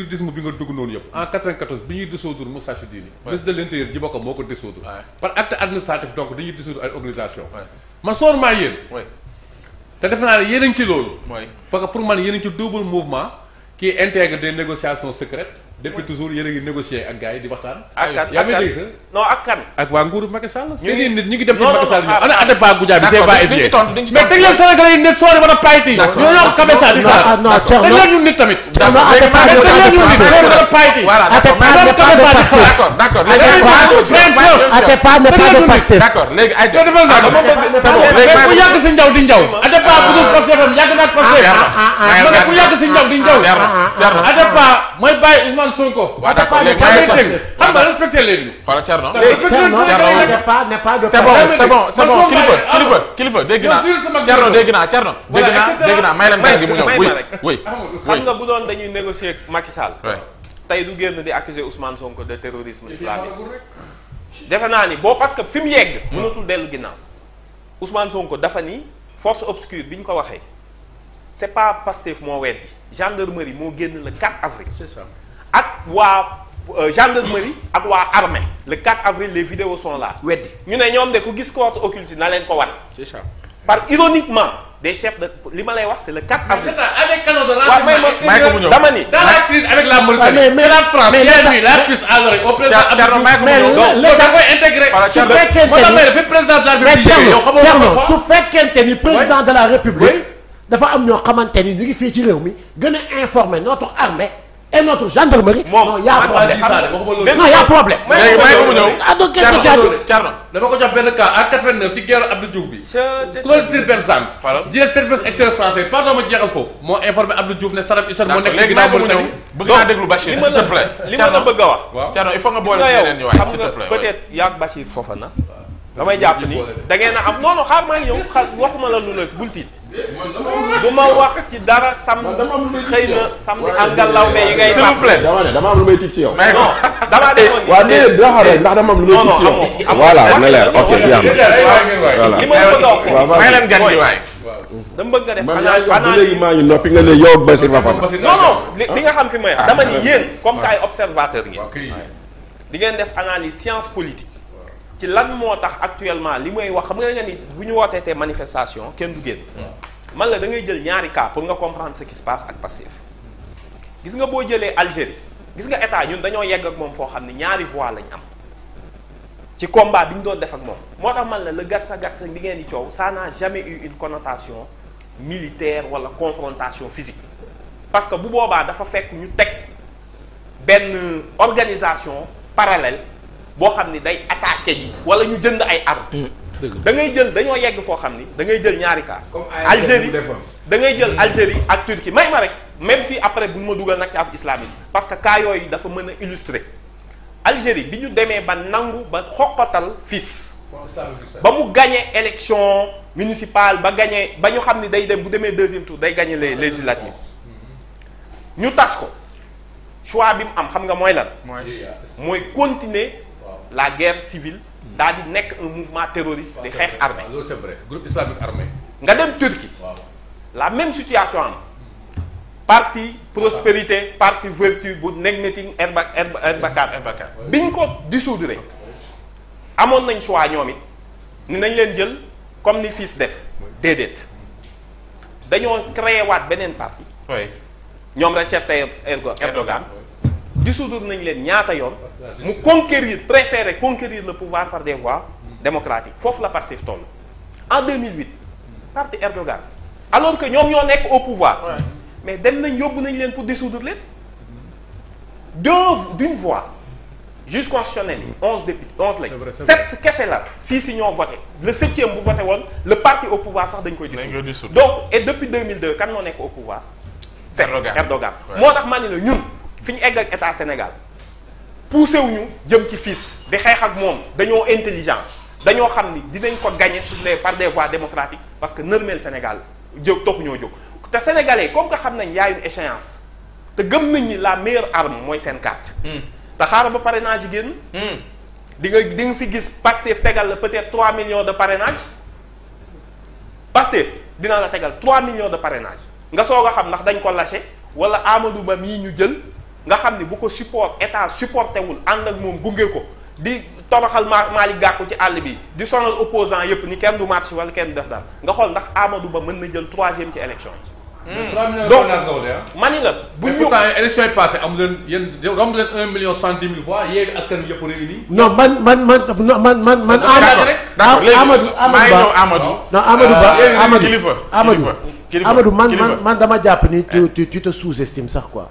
militantisme bi nga dugg noonu yëpp en 94 bi ñuy dissoudre Moustarchidine ministre de l'intérieur ji bokk moo ko dissoudre par acte administratif donc dañuy dissoudre ay organisation man soor maa yéen te defe naa ne yéen ci loolu parce que pour man yéen a ngi ci double mouvement qui intègre des négociations secrètes depuis toujours yéen a ngi négocier ak gars yi di waxtaan. ak kan ak kan non ak kan. ak waa nguuru Macky Sall. ñu ngi nit ñi ngi dem ci Macky Sall ñu ana Atepa Goudiaby c'est pas évident. mais ne soore wala payti. d'accord di xaar. non non ñu nit Ousmane Sonko. Ah, waaw d'accord léegi maa xam nga respecté leen. xoolal Thierno c'est kilifa kilifa kilifa dégg naa Thierno dégg naa Thierno dégg naa dégg naa may la mbay gi mu ñëw oui oui. xam nga bu doon dañuy négocier ak Macky Sall. tey du génn di accuser Ousmane Sonko de terrorisme islamiste. defe naa ni boo parce que fi mu yegg. mënatul dellu ginnaaw Ousmane Sonko dafa ni force obscure bi ñu ko waxee c'est pas Pastef moo weddi gendarmerie moo génn le 4 avril. c'est waa euh, gendarmerie ak waa armée le 4 avril les vidéos sont là. weddi ñu ne ñoom de ku gis ko occulte na leen ko wan. c'est ça par ironiquement des chefs de li ma lay wax c'est le 4 avril. avec canaux de renseignement dama ni. dans la su fekkente ni président de la république. dafa am ñoo xamante ni ñu ngi fii ci réew mi gën a informer notre armée et notre gendarmerie. non y' a problème non y' problème. léegi bàyyi ko mu ñëw ah donc dama ko jox benn cas en 89 ci guerre Abdou Diouf bi. Claude Silberzang. voilà jël service extérieur français pardon ma jeexal foofu. moo informé Abdou Diouf ne Saddam Hussein moo nekk. léegi bàyyi bëgg naa déglu Bachir li ma la bëgg a wax. waaw Thierno il faut nga boole ñeneen ñi waay s'il am non xaar maa ñëw xas waxuma la lu la bul tiit du ma wax ci dara sam xëy na samedi àngalaw me yi ngay s'il vous plaît dama ne dama lu may tiit ci yow non dama defoon ndax dama am lu may tiit ci yow voilà na leer ok jeex na li ma bëgg a wax foofu may leen gan gi waay dama bëgg nga def analyse maa ngi noppi nga ne yow ak Basir Fafana non non li nga xam fi may ah. dama ni yéen comme que ah. observateur ngeen di ngeen def analyse science politique ci lan moo tax actuellement li may wax xam nga nga ni bu ñu wootee manifestation kenn du génn man la da ngay jël ñaari cas pour nga comprendre ce qui se passe ak Pastef gis nga boo jëlee Algérie gis nga état ñun dañoo yegg ak moom foo xam ne ñaari voie lañ am ci combat bi ñu doon def ak moom moo tax man la gat le gat gatsa bi ngeen di coow ça n'a jamais une connotation militaire wala confrontation physique parce que bu boobaa dafa fekk ñu teg benn organisation parallèle boo xam ni day attaqué ji wala ñu jënd ay armes mm. da ngay jël dañoo yegg foo xam ni da ngay jël ñaari cas. Algérie da ngay jël Algérie ak Turquie may ma rek même si après bu ñu ma dugal nag ci af islamiste parce que cas yooyu dafa mën a illustrer Algérie bi ñu demee ba nangu ba xoqatal fils ba mu gagné élection municipale ba gagné ba ñu xam ni day dem bu demee deuxième tour day gagné les législatives ñu tas ko choix bi mu am xam nga mooy lan mooy continuer la guerre civile daal di nekk un mouvement terroriste di xeex armé loolu c'est vrai groupe islamique armé nga dem Turquie la même situation am parti prospérité parti vertu bu Necmettin Erbakan Erbakan biñ ko dissoudre amoon nañ choix ñoom it ni nañ leen jël comme ni fils def déedéet dañoo créé waat beneen parti ñoom Recep Tayyip Erdogan dissoudre nañ leen ñaata yoon mu conquérir préférer conquérir le pouvoir par des voies démocratiques foofu la Pastef toll en 2008 parti Erdogan alors que ñoom ñoo nekk au pouvoir mais dem nañ yóbbu nañ leen pour dissoudre leen deux d'une voix juge constitutionnel yi onze députés onze lañ sept kese la si si ñoo voté le septième bu voté woon le parti au pouvoir sax dañ koy dissoudre donc et depuis 2002 kan moo nekk au pouvoir c'est Erdogan moo tax ma ne la ñun fi ñu egg ak état Sénégal poussé wu ñu jëm ci fils di xeex ak moom dañoo intelligent dañoo xam ni dinañ ko gagner sur les par des voies démocratiques parce que nërmeel Sénégal jóg toxu ñoo jóg te sénégalais comme que xam nañ y a une échéance te gëm nañ ni la meilleure arme mooy seen carte. Hmm. te xaaral ba parrainage yi génn. Hmm. di nga di nga fi gis Pastef tegal la peut-être 3 millions de parrainage Pastef dinaa la tegal 3 millions de parrainage nga soog a xam ndax dañ ko lâché wala Amadou Ba mii ñu jël. nga xam ni bu ko support état supporté wul ànd ak moom gunge ko di toroxal ma Malick Gakou ci àll bi di sonal opposant yépp ni kenn du marche wala kenn def daal nga xool ndax Amadou Ba mën na jël troisième ci élection yi. Hmm. donc mani la bu ñu. élection yi am leen yéen romb leen un million cent dix mille voix yéegi askan bi yëpp réuni. non man man man man man man. Amadou Amadou amadu non Amadou Ba ah, Amadou man man man dama jàpp ni tu tu te sous-estimes sax quoi.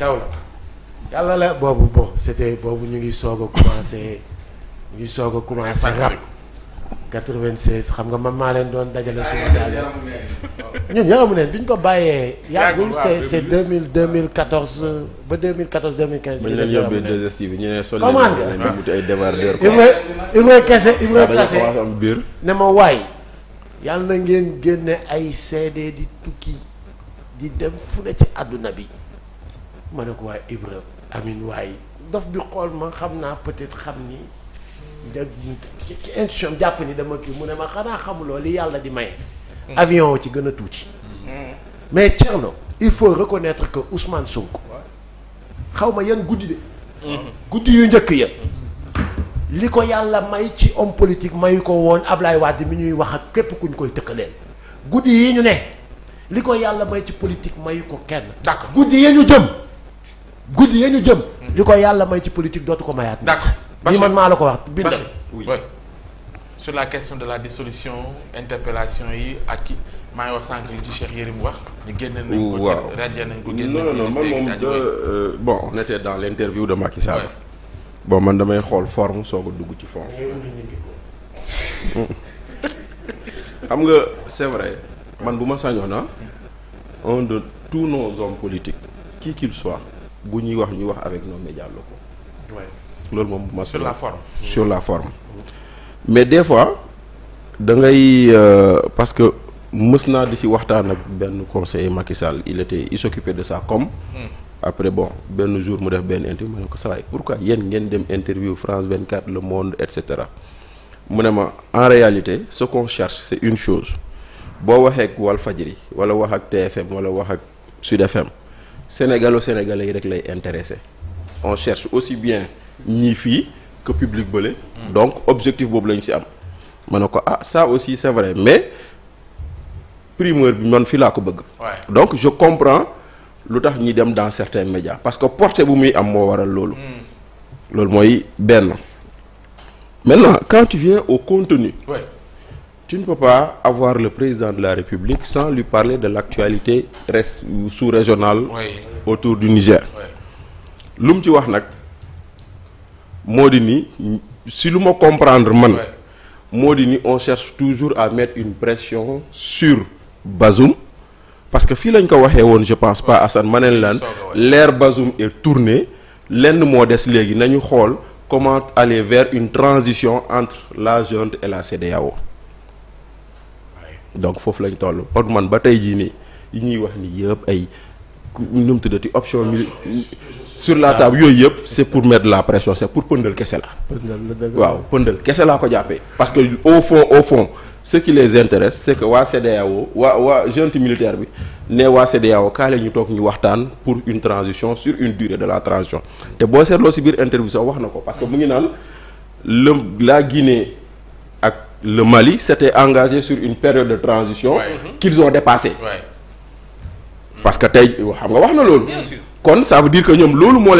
taw yàlla la boobu bon c'était boobu ñu ngi soog a commencé ñu ngi soog a commencé rap 96 xam nga man maa leen doon dajale suma daal ñun yaramu neen bi ñu ko bàyyee yàggul c'est c'est 2000 2014 ba 2014 2015 bi ñu leen yóbbee 2STV ñu ne sol comment nga muti ay débardeur Ibra Kese Ibra ah, Kese am biir ne ma waay yàlla na ngeen génne ay CD di tukki di dem fu ne ci àdduna bi ma ne ko waaye Ibra amin waaye dof bi xool ma xam naa peut-être xam ni da ci jàpp ni dama kii mu ne ma xanaa xamuloo li yàlla di maye. Mm. avion ci gën a tuuti. Mm. mais Thierno il faut reconnaître que Ousmane Sonko xaw ma yan guddi de. Mm-hmm. guddi yu njëkk ya li ko yàlla may ci homme politique mayu ko woon Ablaye Wade mi ñuy wax ak képp kuñ koy tëkkaleel guddi yi ñu ne li ko yàlla may ci politique mayu ko kenn. d'accord guddi yi ñu jëm. guddi ya ñu jëm. Hmm. li ko yàlla may ci politique dootu ko mayaat. d'accord parce man maa la ko wax bindal. oui sur la question de la dissolution interpellation yi ak ki maa ngi wax sànq li ci Cheikh Yérim wax. ni génn nañ ko ci ràjjee nañ ko génn. non non man moom de euh, l' interview de Macky Sall. bon man damay xool forme soog a dugg ci fond. Hmm. xam nga c' vrai man bu ma sañoon ah. un de tous nos hommes politiques qui qu'il bu ñuy wax ñuy wax avec nos médias locaux. waaw loolu moom ma. sur la forme sur la forme. Mm-hmm. mais des fois da ngay euh, parce que mës naa di ci waxtaan ak benn conseil Macky Sall il était il s'occupait de ça comme. Mm. après bon benn jour mu def benn interview ma ne ko saa pour pourquoi yéen ngeen dem interview France 24 Le Monde et cetera mu ne ma en réalité ce qu'on cherche c'est une chose boo waxee ak Walfadjri wala wax ak TFM wala wax ak Sud FM. sénégalo sénégalais yi rek lay intéressé on cherche aussi bien ñii fii que public bële. Mm. donc objectif boobu lañu ci am. ma ne ko ah ça aussi c'est vrai mais primeur bi man fii laa ko bëgg. donc je comprends lu tax ñi dem dans certains médias parce que porté bu muy am moo waral loolu. Mm. loolu mooy benn. maintenant quand tu viens au contenu. tu ne peux avoir le président de la République sans lui parler de l'actualité reste sous-régionale oui. autour du Niger lu mu ci wax nag moo di ni si lu ma comprendre man moo di ni on cherche toujours à mettre une pression sur basum parce que fii lañ ko waxee woon je pense pas Assane ma ne lan l'ère Bazoum est tournée lenn moo des léegi nañu xool comment aller vers une transition entre la junte et la CEDEAO donc foofu lañ toll or man ba tey jii nii yi ñuy wax ni yëpp ay nu mu tuddati option mi sur la table yooyu yëpp c'est pour mettre la pression c'est pour pëndal kese la waaw pëndal kese laa ko jàppee parce que au fond au fond ce qui les intéresse c'est que waa CEDEAO waa waa junte militaire bi ne waa CEDEAO kaale ñu toog ñu waxtaan pour une transition sur une durée de la transition te boo seetloo si biir interview sax wax na ko parce que mu ngi naan lëm le Mali s'était engagé sur une période de transition ouais. qu'ils parce que tey xam nga wax na loolu kon ça dire que ñoom loolu moo